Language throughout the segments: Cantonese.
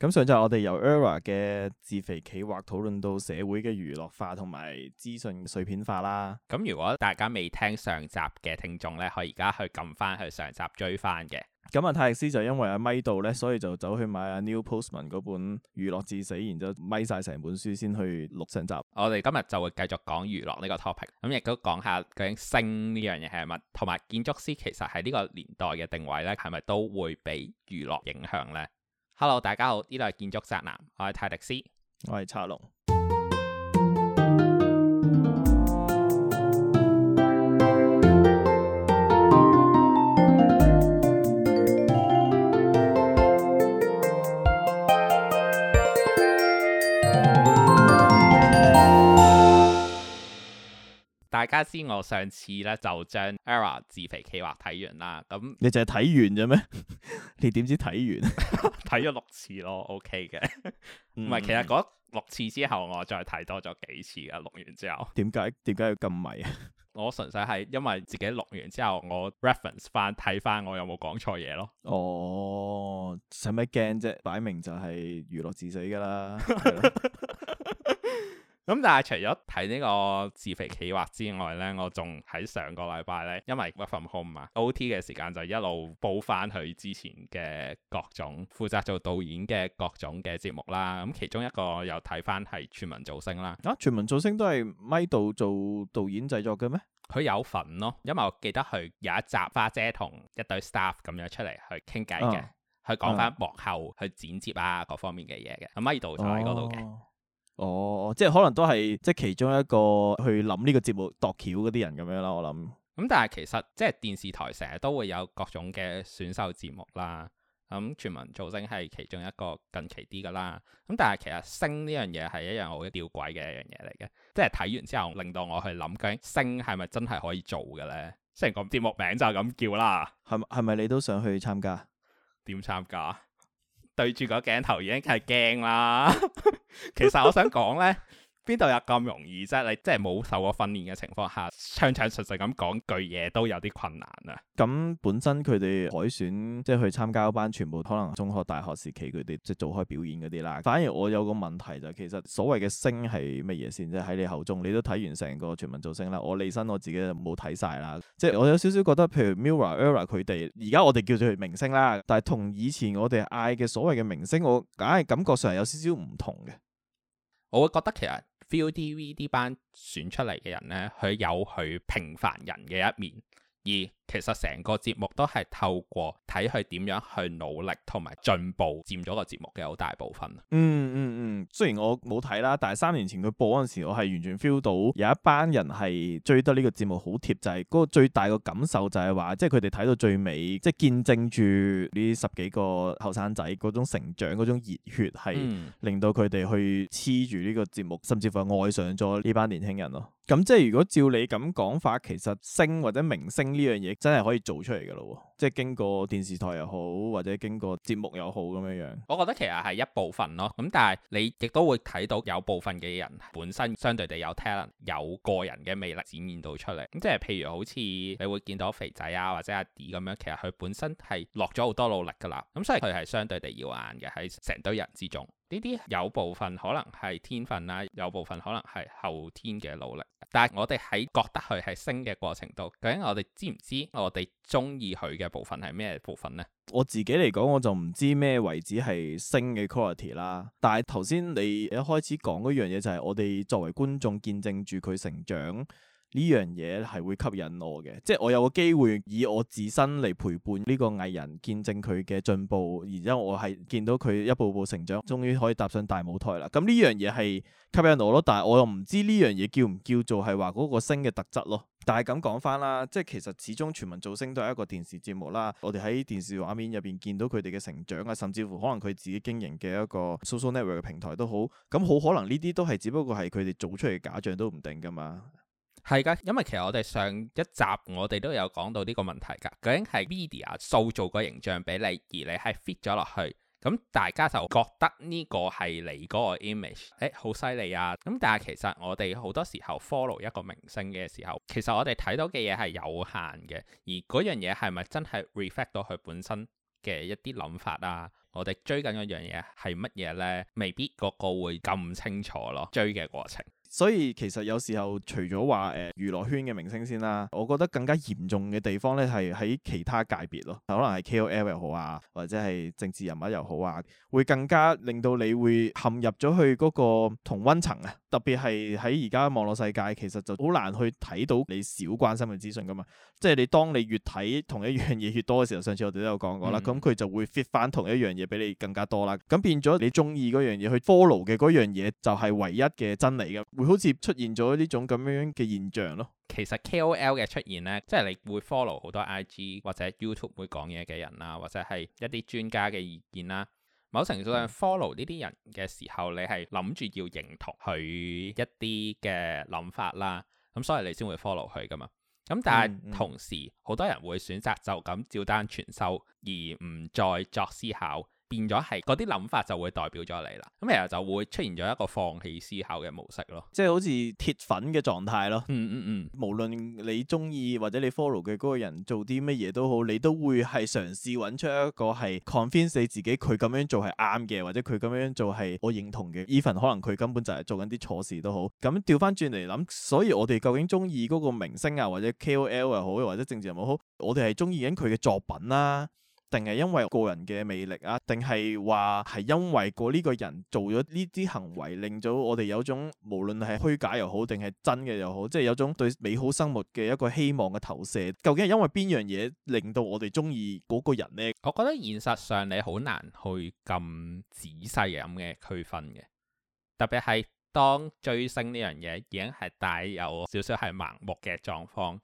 咁上集我哋由 ERA 嘅自肥企劃討論到社會嘅娛樂化同埋資訊碎片化啦。咁如果大家未聽上集嘅聽眾咧，可以而家去撳翻去上集追翻嘅。咁啊，泰力斯就因為阿咪度咧，所以就走去買、啊、Neil Postman 嗰本娛樂至死，然之後咪晒成本書先去錄上集。我哋今日就會繼續講娛樂呢個 topic。咁亦都講下究竟星呢樣嘢係乜，同埋建築師其實喺呢個年代嘅定位咧，係咪都會俾娛樂影響咧？Hello，大家好，呢度係建築宅男，我係泰迪斯，我係茶龍。大家知我上次咧就將《ERROR 自肥企劃》睇完啦，咁 你淨係睇完啫咩？你點知睇完？睇 咗 六次咯，OK 嘅。唔 係、嗯，其實嗰六次之後，我再睇多咗幾次㗎。錄完之後，點解點解要咁迷啊？我純粹係因為自己錄完之後，我 reference 翻睇翻，我有冇講錯嘢咯？哦，使乜驚啫？擺明就係娛樂至死噶啦。 了 咁但係除咗睇呢個自肥企劃之外咧，我仲喺上個禮拜咧，因為一份 call 嘛，OT 嘅時間就一路煲翻佢之前嘅各種負責做導演嘅各種嘅節目啦。咁、嗯、其中一個又睇翻係全民造星啦。啊，全民造星都係 MIKE 導做導演製作嘅咩？佢有份咯，因為我記得佢有一集花姐同一隊 staff 咁樣出嚟去傾偈嘅，嗯、去講翻幕後、嗯、去剪接啊，各方面嘅嘢嘅。咁 MIKE 導就喺嗰度嘅。哦。哦，即係可能都係即係其中一個去諗呢個節目度橋嗰啲人咁樣啦，我諗。咁、嗯、但係其實即係電視台成日都會有各種嘅選秀節目啦。咁、嗯、全民造星係其中一個近期啲㗎啦。咁但係其實星呢樣嘢係一樣好嘅吊詭嘅一樣嘢嚟嘅。即係睇完之後，令到我去諗緊星係咪真係可以做嘅咧？雖然個節目名就咁叫啦。係係咪你都想去參加？點參加？對住個鏡頭已經係驚啦，其實我想講咧。邊度有咁容易啫？你即係冇受過訓練嘅情況下，唱唱實實咁講句嘢，都有啲困難啊。咁本身佢哋海選即係、就是、去參加一班，全部可能中學、大學時期佢哋即係做開表演嗰啲啦。反而我有個問題就是、其實所謂嘅星係乜嘢先？即係喺你口中，你都睇完成個全民造星啦。我利申我自己冇睇晒啦，即係我有少少覺得，譬如 Mirror Error 佢哋而家我哋叫做明星啦，但係同以前我哋嗌嘅所謂嘅明星，我梗係感覺上有少少唔同嘅。我會覺得其實 ViuTV 呢班選出嚟嘅人咧，佢有佢平凡人嘅一面，而。其實成個節目都係透過睇佢點樣去努力同埋進步，佔咗個節目嘅好大部分。嗯嗯嗯，雖然我冇睇啦，但係三年前佢播嗰陣時，我係完全 feel 到有一班人係追得呢個節目好貼，就係、是、嗰個最大嘅感受就係話，即係佢哋睇到最尾，即、就、係、是、見證住呢十幾個後生仔嗰種成長嗰種熱血、嗯，係令到佢哋去黐住呢個節目，甚至乎係愛上咗呢班年輕人咯。咁即係如果照你咁講法，其實星或者明星呢樣嘢。真係可以做出嚟嘅咯，即係經過電視台又好，或者經過節目又好咁樣樣。我覺得其實係一部分咯，咁但係你亦都會睇到有部分嘅人本身相對地有 talent，有個人嘅魅力展現到出嚟。咁即係譬如好似你會見到肥仔啊或者阿 D 咁樣，其實佢本身係落咗好多努力㗎啦，咁所以佢係相對地耀眼嘅喺成堆人之中。呢啲有部分可能係天分啦、啊，有部分可能係後天嘅努力。但係我哋喺覺得佢係星嘅過程度，究竟我哋知唔知我哋中意佢嘅部分係咩部分呢？我自己嚟講，我就唔知咩為止係星嘅 quality 啦。但係頭先你一開始講嗰樣嘢就係我哋作為觀眾見證住佢成長。呢樣嘢係會吸引我嘅，即係我有個機會以我自身嚟陪伴呢個藝人見證佢嘅進步，然之後我係見到佢一步步成長，終於可以踏上大舞台啦。咁呢樣嘢係吸引我咯，但係我又唔知呢樣嘢叫唔叫做係話嗰個星嘅特質咯。但係咁講翻啦，即係其實始終全民造星都係一個電視節目啦。我哋喺電視畫面入邊見到佢哋嘅成長啊，甚至乎可能佢自己經營嘅一個 social network 嘅平台都好，咁好可能呢啲都係只不過係佢哋做出嚟嘅假象都唔定噶嘛。係噶，因為其實我哋上一集我哋都有講到呢個問題噶，究竟係 media 塑造個形象俾你，而你係 fit 咗落去，咁大家就覺得呢個係嚟嗰個 image，誒好犀利啊！咁但係其實我哋好多時候 follow 一個明星嘅時候，其實我哋睇到嘅嘢係有限嘅，而嗰樣嘢係咪真係 reflect 到佢本身嘅一啲諗法啊？我哋追緊嗰樣嘢係乜嘢呢？未必個個會咁清楚咯，追嘅過程。所以其實有時候除咗話誒娛樂圈嘅明星先啦，我覺得更加嚴重嘅地方咧係喺其他界別咯，可能係 KOL 又好啊，或者係政治人物又好啊，會更加令到你會陷入咗去嗰個同溫層啊。特別係喺而家網絡世界，其實就好難去睇到你少關心嘅資訊㗎嘛。即係你當你越睇同一樣嘢越多嘅時候，上次我哋都有講過啦，咁佢、嗯、就會 fit 翻同一樣嘢俾你更加多啦。咁變咗你中意嗰樣嘢去 follow 嘅嗰樣嘢就係唯一嘅真理嘅，會好似出現咗呢種咁樣嘅現象咯。其實 KOL 嘅出現咧，即係你會 follow 好多 IG 或者 YouTube 會講嘢嘅人啦，或者係一啲專家嘅意見啦。某程度上 follow 呢啲人嘅時候，嗯、你係諗住要認同佢一啲嘅諗法啦，咁所以你先會 follow 佢噶嘛。咁但係同時，好、嗯嗯、多人會選擇就咁照單全收，而唔再作思考。變咗係嗰啲諗法就會代表咗你啦，咁然後就會出現咗一個放棄思考嘅模式咯，即係好似鐵粉嘅狀態咯。嗯嗯嗯，嗯嗯無論你中意或者你 follow 嘅嗰個人做啲乜嘢都好，你都會係嘗試揾出一個係 confess 自己佢咁樣做係啱嘅，或者佢咁樣做係我認同嘅，even 可能佢根本就係做緊啲錯事都好。咁調翻轉嚟諗，所以我哋究竟中意嗰個明星啊，或者 KOL 又好，或者政治又好，我哋係中意緊佢嘅作品啦、啊，定係因為個人嘅魅力啊？定係話係因為過呢個人做咗呢啲行為，令到我哋有種無論係虛假又好，定係真嘅又好，即係有種對美好生活嘅一個希望嘅投射。究竟係因為邊樣嘢令到我哋中意嗰個人呢？我覺得現實上你好難去咁仔細咁嘅區分嘅，特別係當追星呢樣嘢已經係帶有少少係盲目嘅狀況。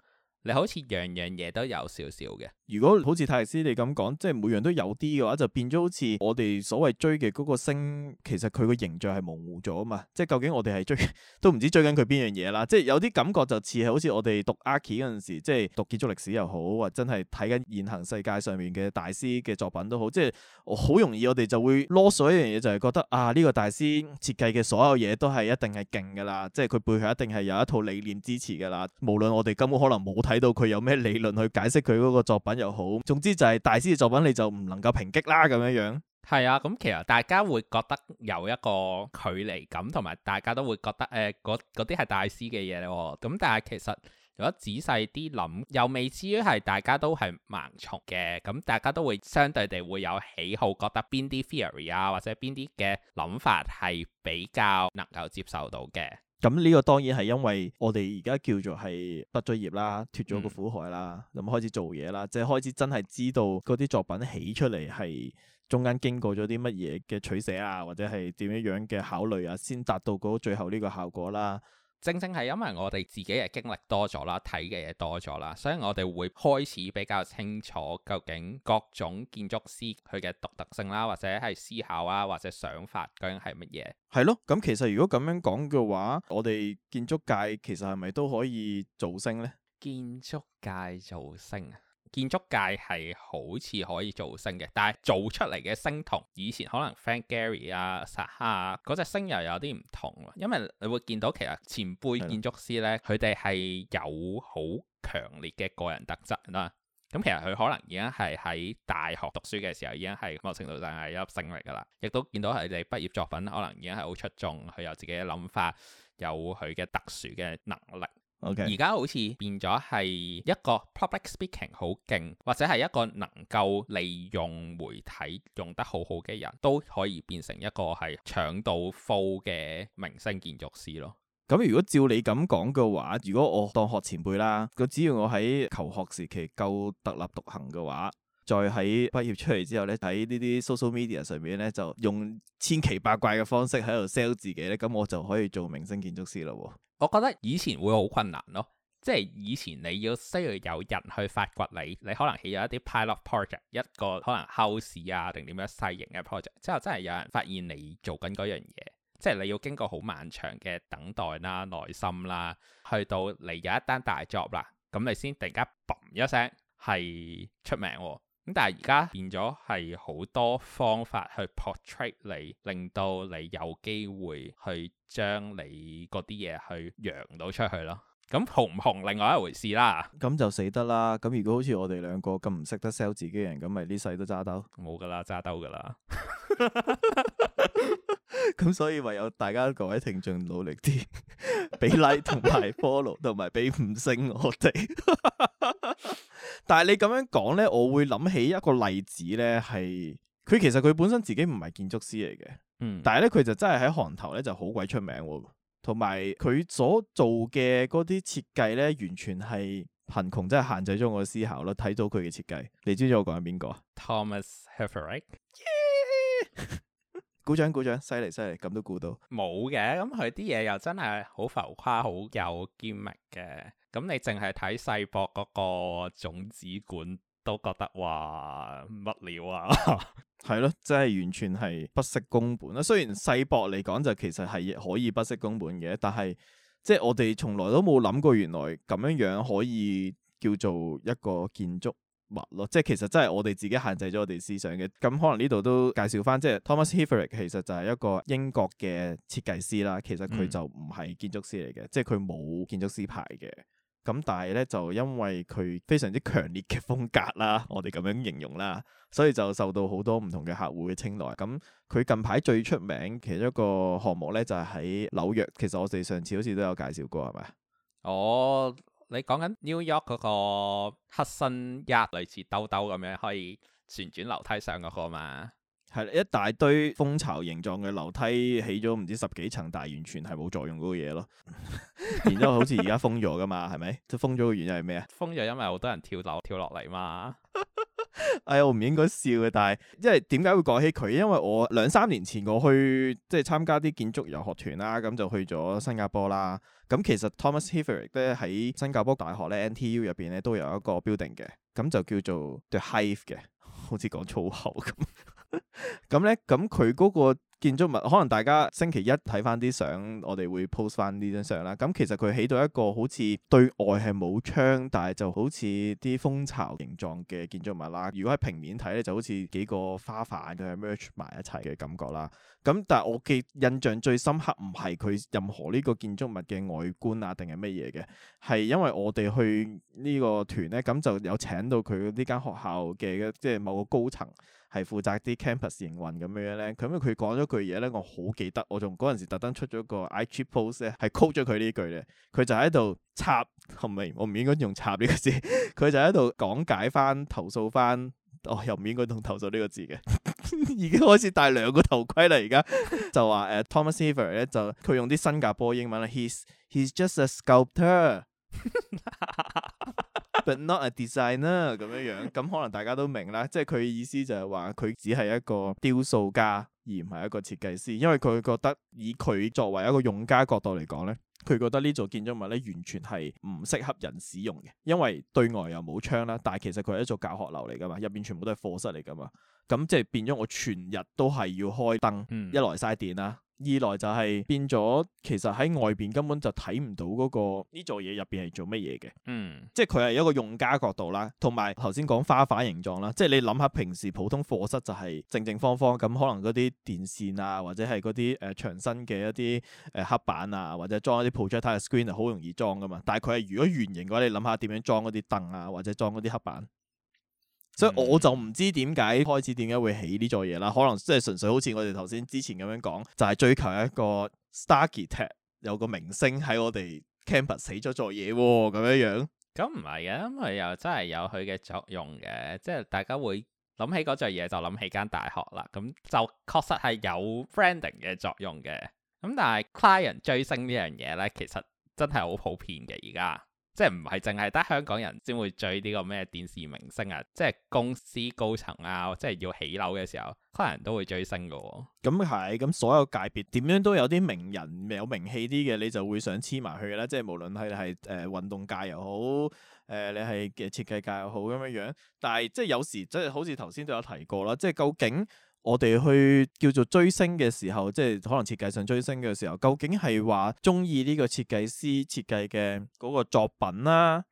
你好似樣樣嘢都有少少嘅。如果好似泰師你咁講，即係每樣都有啲嘅話，就變咗好似我哋所謂追嘅嗰個星，其實佢個形象係模糊咗啊嘛。即係究竟我哋係追都唔知追緊佢邊樣嘢啦。即係有啲感覺就似係好似我哋讀 Archie 嗰陣時，即係讀建築歷史又好，或真係睇緊現行世界上面嘅大師嘅作品都好，即係好容易我哋就會囉嗦一樣嘢，就係、是、覺得啊呢、這個大師設計嘅所有嘢都係一定係勁噶啦，即係佢背後一定係有一套理念支持噶啦。無論我哋根本可能冇睇。睇到佢有咩理論去解釋佢嗰個作品又好，總之就係大師嘅作品你就唔能夠抨擊啦咁樣樣。係啊，咁、嗯、其實大家會覺得有一個距離感，同埋大家都會覺得誒嗰啲係大師嘅嘢咯。咁、嗯、但係其實如果仔細啲諗，又未至於係大家都係盲從嘅。咁、嗯、大家都會相對地會有喜好，覺得邊啲 theory 啊或者邊啲嘅諗法係比較能夠接受到嘅。咁呢個當然係因為我哋而家叫做係畢咗業啦，脫咗個苦海啦，咁、嗯、開始做嘢啦，即係開始真係知道嗰啲作品起出嚟係中間經過咗啲乜嘢嘅取捨啊，或者係點樣樣嘅考慮啊，先達到嗰最後呢個效果啦。正正係因為我哋自己嘅經歷多咗啦，睇嘅嘢多咗啦，所以我哋會開始比較清楚究竟各種建築師佢嘅獨特性啦，或者係思考啊，或者想法究竟係乜嘢。係咯，咁其實如果咁樣講嘅話，我哋建築界其實係咪都可以造星呢？建築界造星啊？建築界係好似可以造星嘅，但係做出嚟嘅星同以前可能 Frank Gehry 啊、沙哈啊嗰隻、那個、星又有啲唔同。因為你會見到其實前輩建築師呢，佢哋係有好強烈嘅個人特質啦。咁的、嗯、其實佢可能而家係喺大學讀書嘅時候，已經係某程度上係一粒星嚟噶啦。亦都見到係你畢業作品可能已經係好出眾，佢有自己嘅諗法，有佢嘅特殊嘅能力。而家 Okay. 好似變咗係一個 public speaking 好勁，或者係一個能夠利用媒體用得好好嘅人都可以變成一個係搶到 full 嘅明星建築師咯。咁如果照你咁講嘅話，如果我當學前輩啦，佢只要我喺求學時期夠特立獨行嘅話。再喺畢業出嚟之後咧，喺呢啲 social media 上面咧，就用千奇百怪嘅方式喺度 sell 自己咧，咁我就可以做明星建築師咯，哦。我覺得以前會好困難咯，即係以前你要需要有人去發掘你，你可能起一啲 pilot project，一個可能 house 啊定點樣細型嘅 project，之後真係有人發現你做緊嗰樣嘢，即係你要經過好漫長嘅等待啦、啊、耐心啦、啊，去到你有一單大 job 啦，咁你先突然間嘣一聲係出名喎。咁但係而家變咗係好多方法去 portray 你，令到你有機會去將你嗰啲嘢去揚到出去咯。咁紅唔紅，另外一回事啦。咁就死得啦。咁如果好似我哋兩個咁唔識得 sell 自己人，咁咪呢世都揸兜。冇噶啦，揸兜噶啦。咁 所以唯有大家各位聽眾努力啲，俾 like 同埋 follow，同埋俾五星我哋。 但係你咁樣講咧，我會諗起一個例子咧，係佢其實佢本身自己唔係建築師嚟嘅，嗯，但係咧佢就真係喺行頭咧就好鬼出名，同埋佢所做嘅嗰啲設計咧，完全係貧窮真係限制咗我嘅思考啦。睇到佢嘅設計，你知唔知我講緊邊個啊？Thomas Heatherwick 耶、yeah! 鼓掌鼓掌，犀利犀利，咁都估到。冇嘅，咁佢啲嘢又真係好浮誇，好有 gimmick 嘅。咁你淨係睇世博嗰個種子館都覺得哇乜料啊？係咯， 真係完全係不惜工本啦。雖然世博嚟講就其實係可以不惜工本嘅，但係即係我哋從來都冇諗過，原來咁樣樣可以叫做一個建築物咯。即係其實真係我哋自己限制咗我哋思想嘅。咁可能呢度都介紹翻，即係 Thomas Heatherwick 其實就係一個英國嘅設計師啦。其實佢就唔係建築師嚟嘅，嗯、即係佢冇建築師牌嘅。咁但係咧就因為佢非常之強烈嘅風格啦，我哋咁樣形容啦，所以就受到好多唔同嘅客戶嘅青睞。咁佢近排最出名其中一個項目咧就係喺紐約，其實我哋上次好似都有介紹過，係咪？哦，你講緊紐約嗰個黑身一類似兜兜咁樣可以旋轉樓梯上嗰個嘛。係一大堆蜂巢形狀嘅樓梯起咗唔知十幾層，但係完全係冇作用嗰個嘢咯。 然之後好似而家封咗㗎嘛，係咪？ 即封咗嘅原因係咩啊？封咗因為好多人跳樓跳落嚟嘛。 哎我唔應該笑嘅，但係因為點解會講起佢？因為我兩三年前我去即係參加啲建築遊學團啦，咁就去咗新加坡啦。咁其實 Thomas Heatherwick 咧喺新加坡大學咧 NTU 入邊咧都有一個 building 嘅，咁就叫做 The Hive 嘅，好似講粗口咁。 咁咧，咁佢嗰個建築物，可能大家星期一睇翻啲相，我哋會 post 翻呢張相啦。咁其實佢起到一個好似對外係冇窗，但係就好似啲蜂巢形狀嘅建築物啦。如果喺平面睇咧，就好似幾個花瓣咁樣 merge 埋一齊嘅感覺啦。咁但係我嘅印象最深刻唔係佢任何呢個建築物嘅外觀啊，定係乜嘢嘅，係因為我哋去呢個團咧，咁就有請到佢呢間學校嘅即係某個高層。係負責啲 campus 營運咁樣咧，咁佢講咗句嘢咧，我好記得，我仲嗰陣時特登出咗個 IG post 咧，係 cue 咗佢呢句咧，佢就喺度插係咪？我唔應該用插呢個字，佢就喺度講解翻投訴翻，我、哦、又唔應該用投訴呢個字嘅， 已經開始戴兩個頭盔啦，而家就話誒 Thomas Heatherwick 咧，就佢、uh, 用啲新加坡英文啦，he's he's just a sculptor。 But not a designer 咁樣 樣，咁可能大家都明啦，即係佢意思就係話佢只係一個雕塑家而唔係一個設計師，因為佢覺得以佢作為一個用家角度嚟講咧，佢覺得呢座建築物咧，完全係唔適合人使用嘅，因為對外又冇窗啦。但係其實佢係一座教學樓嚟㗎嘛，入邊全部都係課室嚟㗎嘛，咁即係變咗我全日都係要開燈，嗯、一來嘥電啦。二來就係變咗，其實喺外邊根本就睇唔到嗰個呢座嘢入邊係做乜嘢嘅。嗯，即係佢係一個用家角度啦，同埋頭先講花瓣形狀啦。即係你諗下平時普通課室就係正正方方咁，可能嗰啲電線啊，或者係嗰啲誒長身嘅一啲誒、呃、黑板啊，或者裝一啲 projector screen 係好容易裝噶嘛。但係佢係如果圓形嘅話，你諗下點樣裝嗰啲凳啊，或者裝嗰啲黑板。所以我就唔知點解開始點解會起呢座嘢啦，可能即係純粹好似我哋頭先之前咁樣講，就係、是、追求一個 starchitect 有個明星喺我哋 campus 起咗座嘢咁樣樣。咁唔係嘅，因為佢又真係有佢嘅作用嘅，即係大家會諗起嗰座嘢就諗起間大學啦。咁就確實係有 branding 嘅作用嘅。咁但係 client 追星呢樣嘢咧，其實真係好普遍嘅而家。即係唔係淨係得香港人先會追呢個咩電視明星啊？即係公司高層啊，即係要起樓嘅時候，可能人都會追星噶喎、哦。咁係、嗯，咁、嗯、所有界別點樣都有啲名人有名氣啲嘅，你就會想黐埋去嘅啦。即係無論係係誒運動界又好，誒、呃、你係嘅設計界又好咁樣樣。但係即係有時即係好似頭先都有提過啦，即係究竟。我哋去叫做追星嘅時候，即係可能設計上追星嘅時候，究竟係話中意呢個設計師設計嘅嗰個作品啦、啊，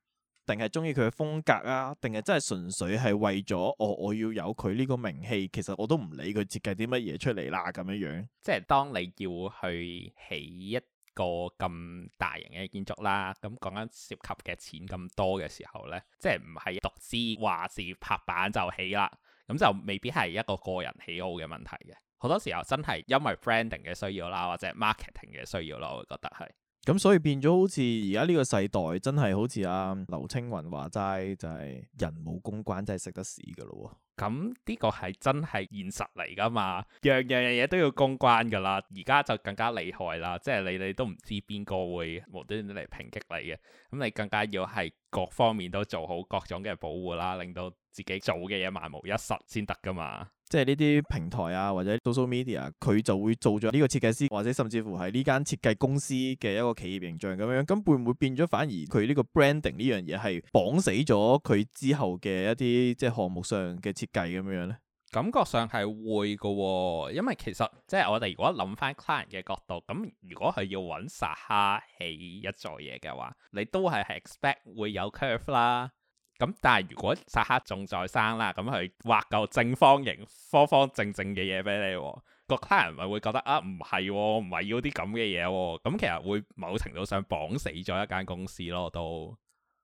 定係中意佢嘅風格啊？定係真係純粹係為咗我、哦、我要有佢呢個名氣，其實我都唔理佢設計啲乜嘢出嚟啦咁樣樣。即係當你要去起一個咁大型嘅建築啦，咁講緊涉及嘅錢咁多嘅時候呢，即係唔係獨資話事拍板就起啦。咁就未必係一個個人喜好嘅問題嘅，好多時候真係因為 branding 嘅需要啦，或者 marketing 嘅需要咯。我會覺得係。咁所以變咗好似而家呢個世代，真係好似阿、啊、劉青雲話齋，就係人冇公關真係食得屎噶咯。咁呢個係真係現實嚟噶嘛，樣樣嘢都要公關噶啦，而家就更加厲害啦，即係你你都唔知邊個會無端端嚟抨擊你嘅，咁你更加要係各方面都做好各種嘅保護啦，令到自己做嘅嘢萬無一失先得噶嘛。即係呢啲平台啊，或者 social media，佢就會做咗呢個設計師，或者甚至乎係呢間設計公司嘅一個企業形象咁樣。咁會唔會變咗反而佢呢個 branding 呢樣嘢係綁死咗佢之後嘅一啲即係項目上嘅設計咁樣咧？感覺上係會嘅喎、哦，因為其實即係我哋如果諗翻 client 嘅角度，咁如果係要揾 Zaha 起一座嘢嘅話，你都係係 expect 會有 curve 啦。咁但係如果撒克仲在生啦，咁佢畫夠正方形，方方正正嘅嘢俾你，其他人咪會覺得啊，唔係，我唔係要啲咁嘅嘢。咁其實會某程度上綁死咗一間公司咯。都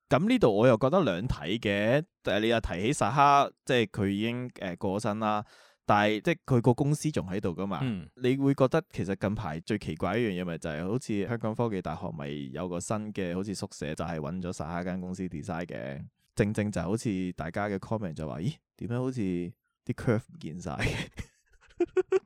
咁呢度我又覺得兩睇嘅。但係你又提起撒克，即係佢已經誒、呃、過身啦，但係即係佢個公司仲喺度噶嘛？嗯、你會覺得其實近排最奇怪一樣嘢咪就係好似香港科技大學咪有個新嘅好似宿舍就係揾咗撒克間公司 design 嘅。正正就係好似大家嘅 comment 就話，咦點解好似啲 curve 唔見晒嘅？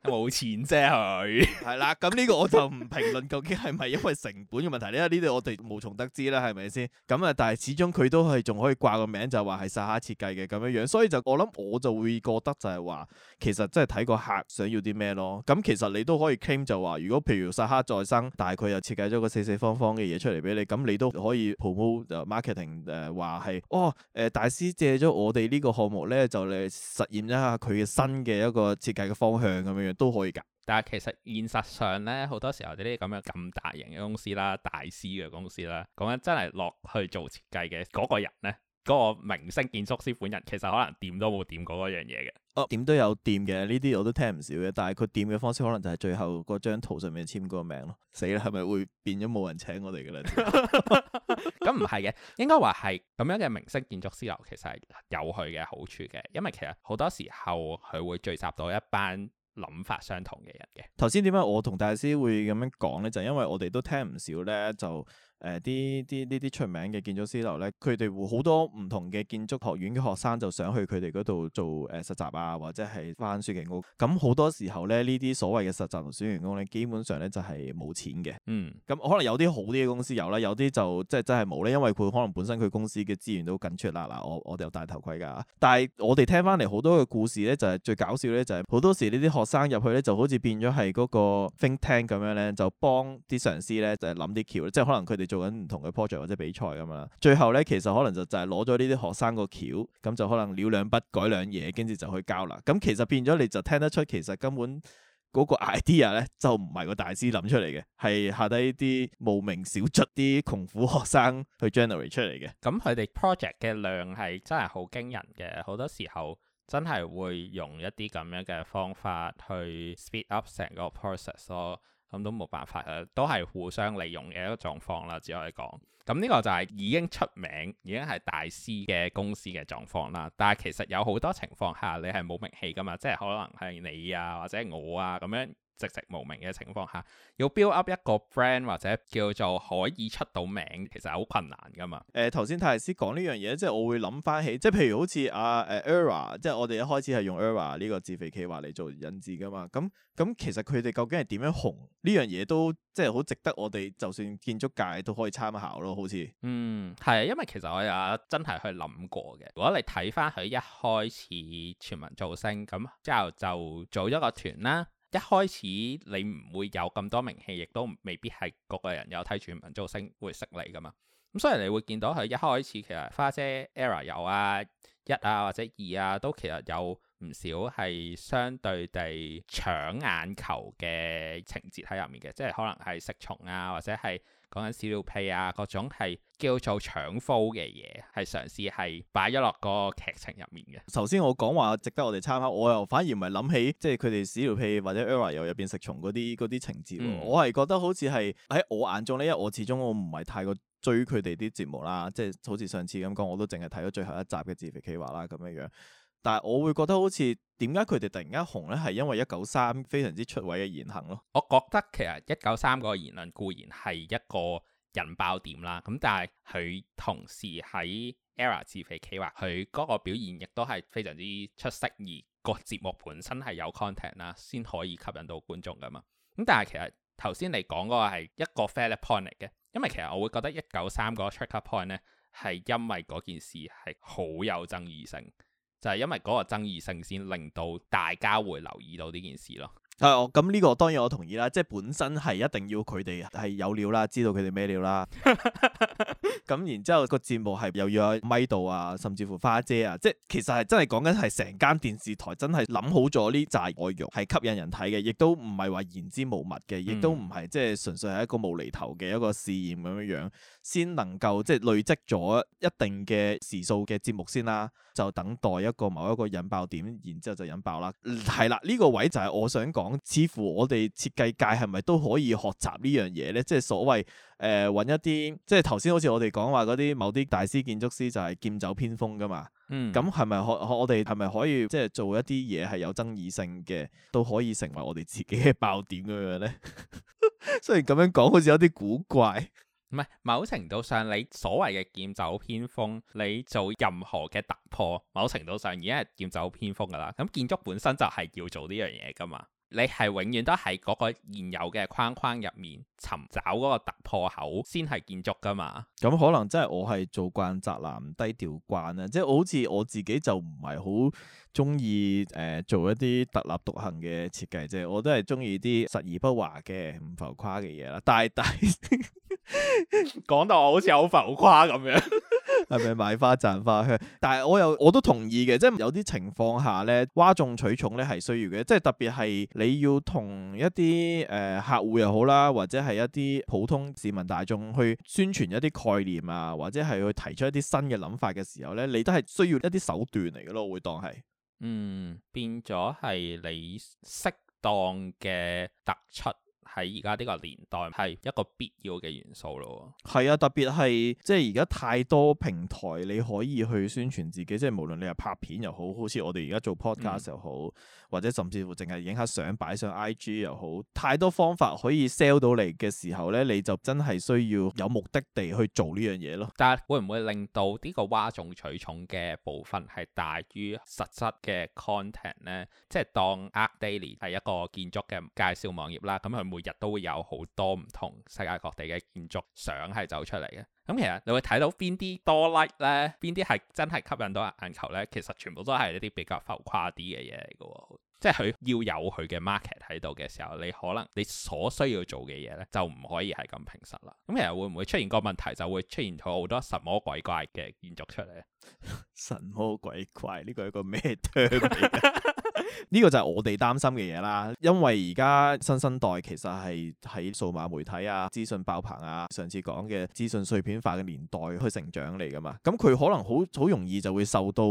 冇錢啫， 佢係啦。咁呢個我就唔評論 究竟係咪因為成本嘅問題咧？呢啲我哋無從得知啦，係咪先？咁啊，但係始終佢都係仲可以掛個名，就話係撒哈設計嘅咁樣樣。所以就我諗，我就會覺得就係話，其實真係睇個客想要啲咩咯。咁其實你都可以 claim 就話，如果譬如撒哈在生，但係佢又設計咗個四四方方嘅嘢出嚟俾你，咁你都可以 promote marketing 誒、呃、話係哦誒、呃、大師借咗我哋呢個項目咧，就嚟實驗一下佢嘅新嘅一個設計嘅方向咁樣樣。都可以噶，但係其實現實上咧，好多時候啲咁樣咁大型嘅公司啦，大師嘅公司啦，講緊真係落去做設計嘅嗰個人咧，嗰、嗰個明星建築師本人，其實可能掂都冇掂過嗰樣嘢嘅。哦，點都有掂嘅，呢啲我都聽唔少嘅，但係佢掂嘅方式可能就係最後嗰張圖上面簽個名咯。死啦，係咪會變咗冇人請我哋噶啦？咁唔係嘅，應該話係咁樣嘅明星建築師樓，其實係有佢嘅好處嘅，因為其實好多時候佢會聚集到一班。諗法相同嘅人嘅，頭先點解我同大師會咁樣講咧？就因為我哋都聽唔少咧，就。誒，啲啲呢啲出名嘅建築師樓咧，佢哋會好多唔同嘅建築學院嘅學生就想去佢哋嗰度做誒實習啊，或者係翻暑期工。咁好多時候咧，呢啲所謂嘅實習同暑期員工咧，基本上咧就係冇錢嘅。嗯，咁可能有啲好啲嘅公司有啦，有啲就即係真係冇咧，因為佢可能本身佢公司嘅資源都緊缺啦。嗱，我我哋有戴頭盔噶，但係我哋聽翻嚟好多嘅故事咧，就是，就係最搞笑咧，就是，就係好多時呢啲學生入去咧，就好似變咗係嗰個 think tank 咁樣咧，就幫啲上司咧就係諗啲橋，即係可能佢哋。做緊唔同嘅 project 或者比賽咁樣，最後咧其實可能就就係攞咗呢啲學生個橋，咁就可能撩兩筆改兩嘢，跟住就去交啦。咁其實變咗你就聽得出，其實根本嗰個 idea 咧就唔係個大師諗出嚟嘅，係下低啲無名小卒、啲窮苦學生去 generate 出嚟嘅。咁佢哋 project 嘅量係真係好驚人嘅，好多時候真係會用一啲咁樣嘅方法去 speed up 成個 process 咯。咁都冇辦法啊，都係互相利用嘅一個狀況啦，只可以講。咁呢個就係已經出名、已經係大師嘅公司嘅狀況啦。但係其實有好多情況下，你係冇名氣噶嘛，即係可能係你啊或者我啊咁樣籍籍無名嘅情況下，要 build up 一個 brand 或者叫做可以出到名，其實係好困難噶嘛。誒頭先泰師講呢樣嘢，即係我會諗翻起，即係譬如好似阿誒 era，即係我哋一開始係用 era 呢個自肥企劃嚟做引子噶嘛。咁咁其實佢哋究竟係點樣紅呢樣嘢都即係好值得我哋，就算建築界都可以參考咯。好似嗯，係啊，因為其實我有真係去諗過嘅。如果你睇翻佢一開始全民造星咁，之後就組咗個團啦，一開始你唔會有咁多名氣，亦都未必係個個人有睇全民造星會識你噶嘛。咁所以你會見到佢一開始其實花姐、ERA 有啊一啊或者二啊，都其實有唔少係相對地搶眼球嘅情節喺入面嘅，即係可能係食蟲啊或者係。講緊屎尿屁啊，各種係叫做搶夫嘅嘢，係嘗試係擺咗落個劇情入面嘅。首先我講話值得我哋參考，我又反而唔係諗起，即係佢哋屎尿屁或者 ERROR 又入邊食蟲嗰啲嗰啲情節。嗯、我係覺得好似係喺我眼中咧，因為我始終我唔係太過追佢哋啲節目啦，即係好似上次咁講，我都淨係睇咗最後一集嘅《自肥企劃》啦咁樣樣。但係我會覺得好似點解佢哋突然間紅咧，係因為一九三非常之出位嘅言行咯。我覺得其實一九三個言論固然係一個引爆點啦，咁但係佢同時喺 ERROR 自肥企劃，佢嗰個表現亦都係非常之出色，而個節目本身係有 content 啦，先可以吸引到觀眾噶嘛。咁但係其實頭先你講嗰個係一個 valid point 嚟嘅，因為其實我會覺得一九三嗰個 trigger point 咧，係因為嗰件事係好有爭議性。就係因為嗰個爭議性先令到大家會留意到呢件事咯。係我咁，呢個當然我同意啦，即係本身係一定要佢哋係有料啦，知道佢哋咩料啦。咁 然之後個節目係又要有 Mike 導啊，甚至乎花姐啊，即係其實係真係講緊係成間電視台真係諗好咗呢紮內容係吸引人睇嘅，亦都唔係話言之無物嘅，亦都唔係即係純粹係一個無厘頭嘅一個試驗咁樣樣，先能夠即係累積咗一定嘅時數嘅節目先啦，就等待一個某一個引爆點，然之後就引爆啦。係、嗯、啦，呢、這個位就係我想講。似乎我哋設計界係咪都可以學習呢樣嘢咧？即係所謂誒揾一啲，即係頭先好似我哋講話嗰啲某啲大師建築師就係劍走偏鋒噶嘛。嗯，咁係咪可我哋係咪可以即係、就是、做一啲嘢係有爭議性嘅，都可以成為我哋自己嘅爆點咁樣咧？ 雖然咁樣講好似有啲古怪，唔係，某程度上你所謂嘅劍走偏鋒，你做任何嘅突破，某程度上已經係劍走偏鋒噶啦。咁建築本身就係要做呢樣嘢噶嘛。你係永遠都喺嗰個現有嘅框框入面尋找嗰個突破口先係建築噶嘛。咁、嗯、可能真係我係做慣宅男，低調慣啦。即係我好似我自己就唔係好中意誒做一啲特立獨行嘅設計啫。我都係中意啲實而不華嘅唔浮誇嘅嘢啦。但係但係講到我好似好浮誇咁樣。 係咪 買花賺花香？但係我又我都同意嘅，即係有啲情況下咧，嘩眾取寵咧係需要嘅，即係特別係你要同一啲誒、呃、客戶又好啦，或者係一啲普通市民大眾去宣傳一啲概念啊，或者係去提出一啲新嘅諗法嘅時候咧，你都係需要一啲手段嚟嘅咯，我會當係，嗯，變咗係你適當嘅突出。喺而家呢個年代係一個必要嘅元素咯，係啊，特別係即係而家太多平台你可以去宣傳自己，即係無論你係拍片又好，好似我哋而家做 podcast 又好，嗯、或者甚至乎淨係影下相擺上 IG 又好，太多方法可以 sell 到嚟嘅時候咧，你就真係需要有目的地去做呢樣嘢咯。但係會唔會令到呢個嘩眾取寵嘅部分係大於實質嘅 content 咧？即係當 Art Daily 係一個建築嘅介紹網頁啦，咁佢每日都會有好多唔同世界各地嘅建築相係走出嚟嘅，咁其實你會睇到邊啲多 like 咧，邊啲係真係吸引到眼球咧？其實全部都係一啲比較浮誇啲嘅嘢嚟嘅，即係佢要有佢嘅 market 喺度嘅時候，你可能你所需要做嘅嘢咧就唔可以係咁平實啦。咁其實會唔會出現個問題，就會出現咗好多神魔鬼怪嘅建築出嚟？神魔鬼怪呢個係一個咩 term 嚟？呢個就係我哋擔心嘅嘢啦，因為而家新生代其實係喺數碼媒體啊、資訊爆棚啊、上次講嘅資訊碎片化嘅年代去成長嚟噶嘛，咁佢可能好好容易就會受到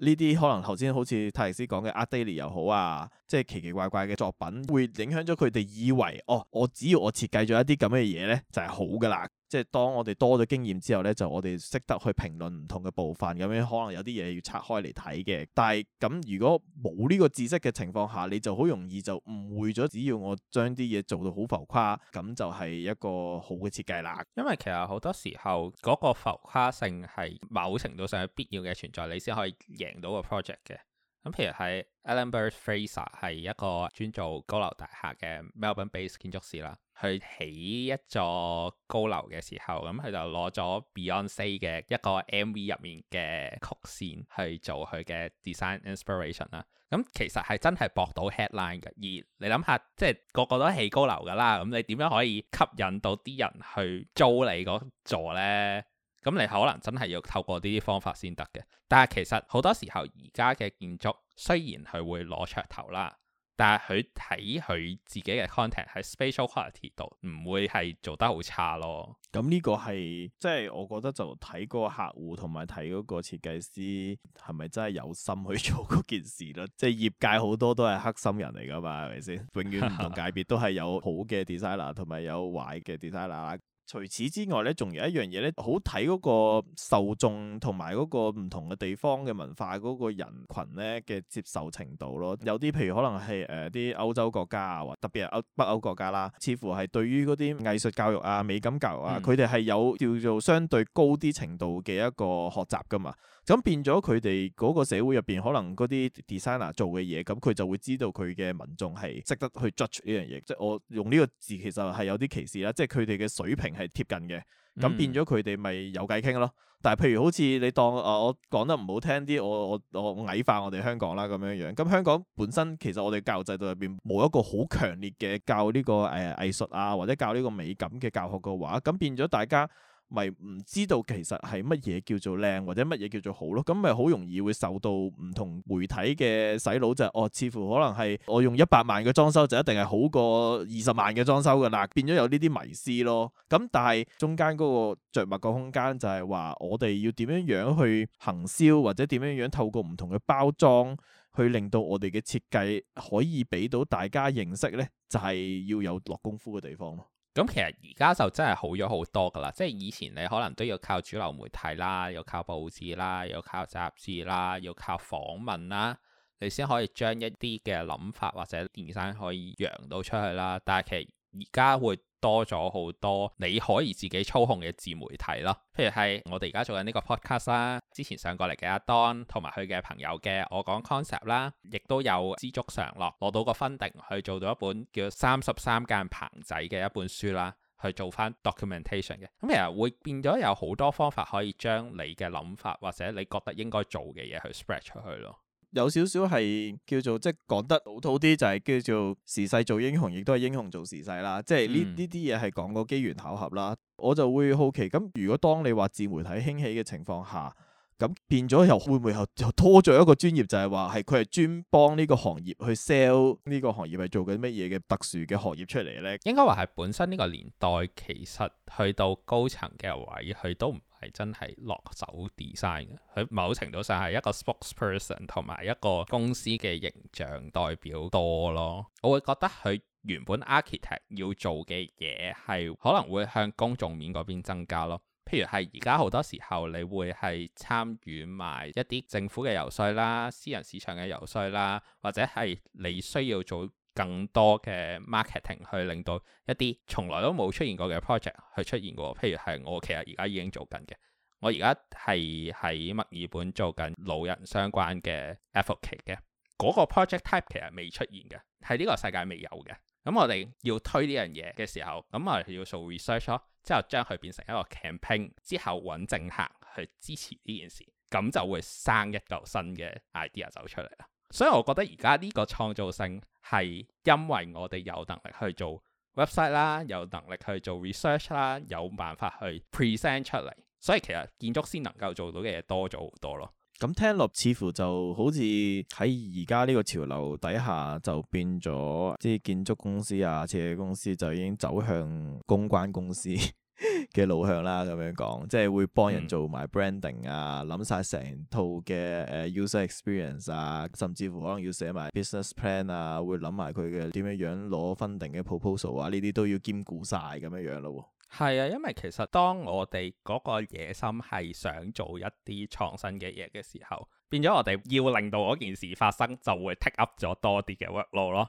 呢啲可能頭先好似泰尼斯講嘅阿黛麗又好啊，即係奇奇怪怪嘅作品，會影響咗佢哋以為哦，我只要我設計咗一啲咁嘅嘢咧，就係好噶啦。即係當我哋多咗經驗之後咧，就我哋識得去評論唔同嘅部分，咁樣可能有啲嘢要拆開嚟睇嘅。但係咁如果冇呢個知識嘅情況下，你就好容易就誤會咗。只要我將啲嘢做到好浮誇，咁就係一個好嘅設計啦。因為其實好多時候嗰個浮誇性係某程度上係必要嘅存在，你先可以贏到個 project 嘅。咁譬如係 Elenberg Fraser 係一個專做高樓大廈嘅 Melbourne base 建築師啦。佢起一座高樓嘅時候，咁佢就攞咗 Beyonce 嘅一個 MV 入面嘅曲線去做佢嘅 design inspiration 啦。咁其實係真係搏到 headline 嘅。而你諗下，即係個個都起高樓噶啦，咁你點樣可以吸引到啲人去租你嗰座呢？咁你可能真係要透過呢啲方法先得嘅，但係其實好多時候而家嘅建築雖然佢會攞噱頭啦，但係佢睇佢自己嘅 content 喺 spatial quality 度唔會係做得好差咯。咁呢個係即係我覺得就睇個客戶同埋睇嗰個設計師係咪真係有心去做嗰件事啦。即係業界好多都係黑心人嚟噶嘛，係咪先？永遠唔同界別都係有好嘅 designer 同埋有壞嘅 designer。 除此之外咧，仲有一樣嘢咧，好睇嗰個受眾個同埋嗰個唔同嘅地方嘅文化嗰個人群咧嘅接受程度咯。有啲譬如可能係誒啲歐洲國家啊，或特別係歐北歐國家啦，似乎係對於嗰啲藝術教育啊、美感教育啊，佢哋係有叫做相對高啲程度嘅一個學習㗎嘛。咁變咗佢哋嗰個社會入邊，可能嗰啲 designer 做嘅嘢，咁佢就會知道佢嘅民眾係識得去 judge 呢樣嘢。即係我用呢個字其實係有啲歧視啦。即係佢哋嘅水平係貼近嘅，咁變咗佢哋咪有偈傾咯。但係譬如好似你當啊、呃，我講得唔好聽啲，我我我矮化我哋香港啦咁樣樣。咁香港本身其實我哋教育制度入邊冇一個好強烈嘅教呢、這個誒藝術啊，或者教呢個美感嘅教學嘅話，咁變咗大家。咪唔知道其實係乜嘢叫做靚或者乜嘢叫做好咯，咁咪好容易會受到唔同媒體嘅洗腦、就係，就係哦，似乎可能係我用一百萬嘅裝修就一定係好過二十萬嘅裝修噶啦，變咗有呢啲迷思咯。咁但係中間嗰個著墨個空間就係話，我哋要點樣樣去行銷或者點樣樣透過唔同嘅包裝去令到我哋嘅設計可以俾到大家認識呢就係、係、要有落功夫嘅地方咯。咁其實而家就真係好咗好多噶啦，即係以前你可能都要靠主流媒體啦，要靠報紙啦，要靠雜誌啦，要靠訪問啦，你先可以將一啲嘅諗法或者點樣可以揚到出去啦。但係其實而家會，多咗好多你可以自己操控嘅自媒體咯，譬如係我哋而家做緊呢個 podcast 啦，之前上過嚟嘅阿 Don 同埋佢嘅朋友嘅我講 concept 啦，亦都有知足常樂攞到個分 u 去做到一本叫三十三間棚仔嘅一本書啦，去做翻 documentation 嘅，咁其實會變咗有好多方法可以將你嘅諗法或者你覺得應該做嘅嘢去 spread 出去咯。有少少係叫做即係講得老土啲，就係叫做時勢做英雄，亦都係英雄做時勢啦。即係呢呢啲嘢係講個機緣巧合啦。我就會好奇，咁如果當你話自媒體興起嘅情況下，咁變咗又會唔會又又拖咗一個專業，就係話係佢係專幫呢個行業去 sell 呢個行業係做緊乜嘢嘅特殊嘅行業出嚟咧？應該話係本身呢個年代其實去到高層嘅位，佢都，唔，係真係落手 design 嘅，佢某程度上係一個 spokesperson 同埋一個公司嘅形象代表多咯。我會覺得佢原本 architect 要做嘅嘢係可能會向公眾面嗰邊增加咯。譬如係而家好多時候，你會係參與埋一啲政府嘅遊說啦、私人市場嘅遊說啦，或者係你需要做更多嘅 marketing 去令到一啲從來都冇出現過嘅 project 去出現過，譬如係我其實而家已經做緊嘅，我而家係喺墨爾本做緊老人相關嘅 effort 嘅，嗰個 project type 其實未出現嘅，係呢個世界未有嘅。咁我哋要推呢樣嘢嘅時候，咁我哋要做 research 咯，之後將佢變成一個 campaign，之後揾政客去支持呢件事，咁就會生一嚿新嘅 idea 走出嚟啦。所以我覺得而家呢個創造性係因為我哋有能力去做 website 啦，有能力去做 research 啦，有辦法去 present 出嚟，所以其實建築師能夠做到嘅嘢多咗好多咯。咁聽落似乎就好似喺而家呢個潮流底下就變咗，即建築公司啊、設計公司就已經走向公關公司。嘅 路向啦，咁樣講，即係會幫人做埋 branding 啊，諗晒成套嘅誒 user experience 啊，甚至乎可能要寫埋 business plan 啊，會諗埋佢嘅點樣樣攞 funding 嘅 proposal 啊，呢啲都要兼顧晒咁樣樣咯。係啊、嗯，因為其實當我哋嗰個野心係想做一啲創新嘅嘢嘅時候，變咗我哋要令到嗰件事發生，就會 take up 咗多啲嘅 workload 囉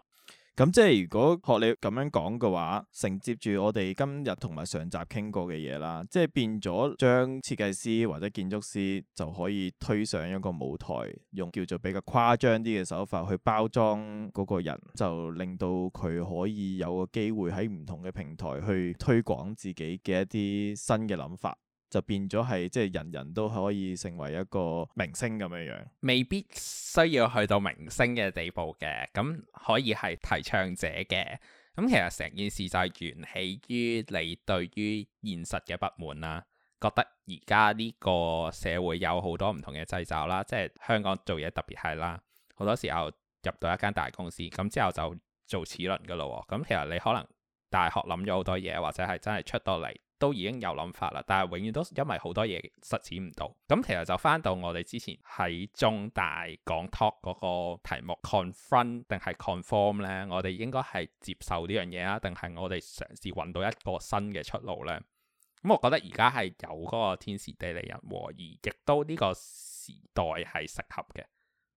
咁即係如果學你咁樣講嘅話，承接住我哋今日同埋上集傾過嘅嘢啦，即係變咗將設計師或者建築師就可以推上一個舞台，用叫做比較誇張啲嘅手法去包裝嗰個人，就令到佢可以有個機會喺唔同嘅平台去推廣自己嘅一啲新嘅諗法。就變咗係即係人人都可以成為一個明星咁樣樣，未必需要去到明星嘅地步嘅，咁可以係提倡者嘅。咁其實成件事就係源起於你對於現實嘅不滿啦，覺得而家呢個社會有好多唔同嘅製造啦，即係香港做嘢特別係啦，好多時候入到一間大公司，咁之後就做齒輪噶啦。咁其實你可能大學諗咗好多嘢，或者係真係出到嚟。都已經有諗法啦，但係永遠都因為好多嘢實踐唔到。咁其實就翻到我哋之前喺中大講 talk 嗰個題目，confront 定係 conform 呢？我哋應該係接受呢樣嘢啊，定係我哋嘗試揾到一個新嘅出路呢？咁我覺得而家係有嗰個天時地利人和，而亦都呢個時代係適合嘅。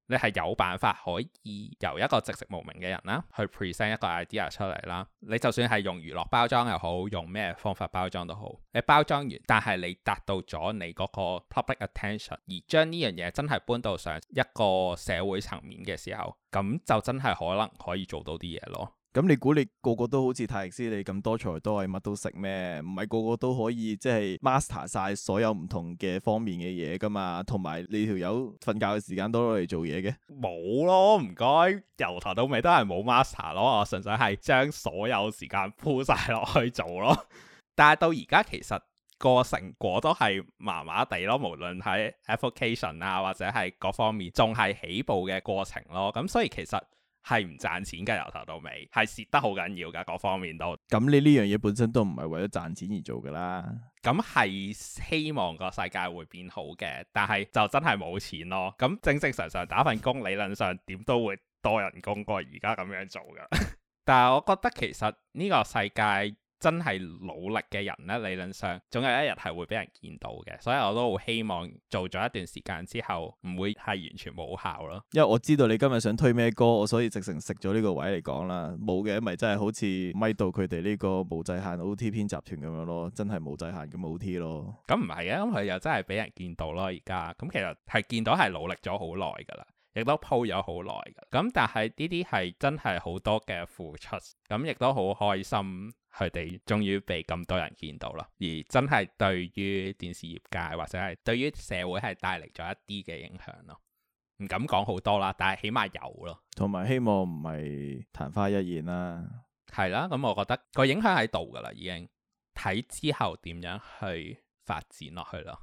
你係有辦法可以由一個籍籍無名嘅人啦，去 present 一個 idea 出嚟啦。你就算係用娛樂包裝又好，用咩方法包裝都好，你包裝完，但係你達到咗你嗰個 public attention，而將呢樣嘢真係搬到上一個社會層面嘅時候，咁就真係可能可以做到啲嘢咯。咁你估你個個都好似泰勒斯你咁多才多藝，乜都食咩？唔係個個都可以即係、就是、master 晒所有唔同嘅方面嘅嘢㗎嘛。同埋你條友瞓覺嘅時間都攞嚟做嘢嘅？冇咯，唔該，由頭到尾都係冇 master 咯，純粹係將所有時間鋪晒落去做咯。 但係到而家其實個成果都係麻麻地咯，無論喺 application 啊或者係各方面，仲係起步嘅過程咯。咁所以其實。係唔賺錢噶，由頭到尾係蝕得好緊要噶，各方面都。咁你呢樣嘢本身都唔係為咗賺錢而做噶啦。咁係希望個世界會變好嘅，但係就真係冇錢咯。咁正正常常打份工理論，理論上點都會多人工過而家咁樣做噶。 但係我覺得其實呢個世界。真係努力嘅人咧，理論上總有一日係會俾人見到嘅，所以我都好希望做咗一段時間之後，唔會係完全冇效咯。因為我知道你今日想推咩歌，我所以直程食咗呢個位嚟講啦。冇嘅咪真係好似咪到佢哋呢個無制限 OT 編集団咁樣咯，真係無制限嘅 OT 咯。咁唔係嘅，咁佢又真係俾人見到咯。而家咁其實係見到係努力咗好耐噶啦，亦都鋪咗好耐㗎。咁但係呢啲係真係好多嘅付出，咁亦都好開心。佢哋終於被咁多人見到啦，而真係對於電視業界或者係對於社會係帶嚟咗一啲嘅影響咯，唔敢講好多啦，但係起碼有咯。同埋希望唔係曇花一現啦，係啦、啊，咁我覺得個影響喺度噶啦，已經睇之後點樣去發展落去咯。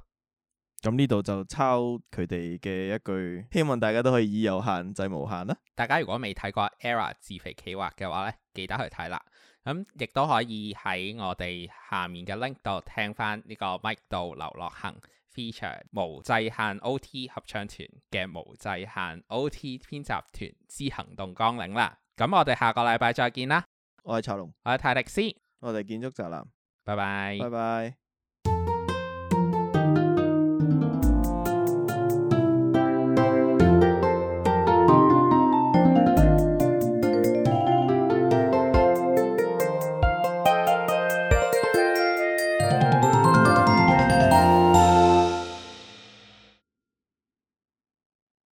咁呢度就抄佢哋嘅一句，希望大家都可以以有限制無限啦。大家如果未睇過《ERROR 自肥企劃》嘅話咧，記得去睇啦。咁、嗯、亦都可以喺我哋下面嘅 link 度聽翻呢個 Mike 導劉諾衡 feature 無制限 OT 合唱團嘅無制限 OT 編集団之行動綱領啦。咁、嗯、我哋下個禮拜再見啦。我係卓龍，我係泰迪斯，我哋建築宅男，拜拜 bye，拜拜。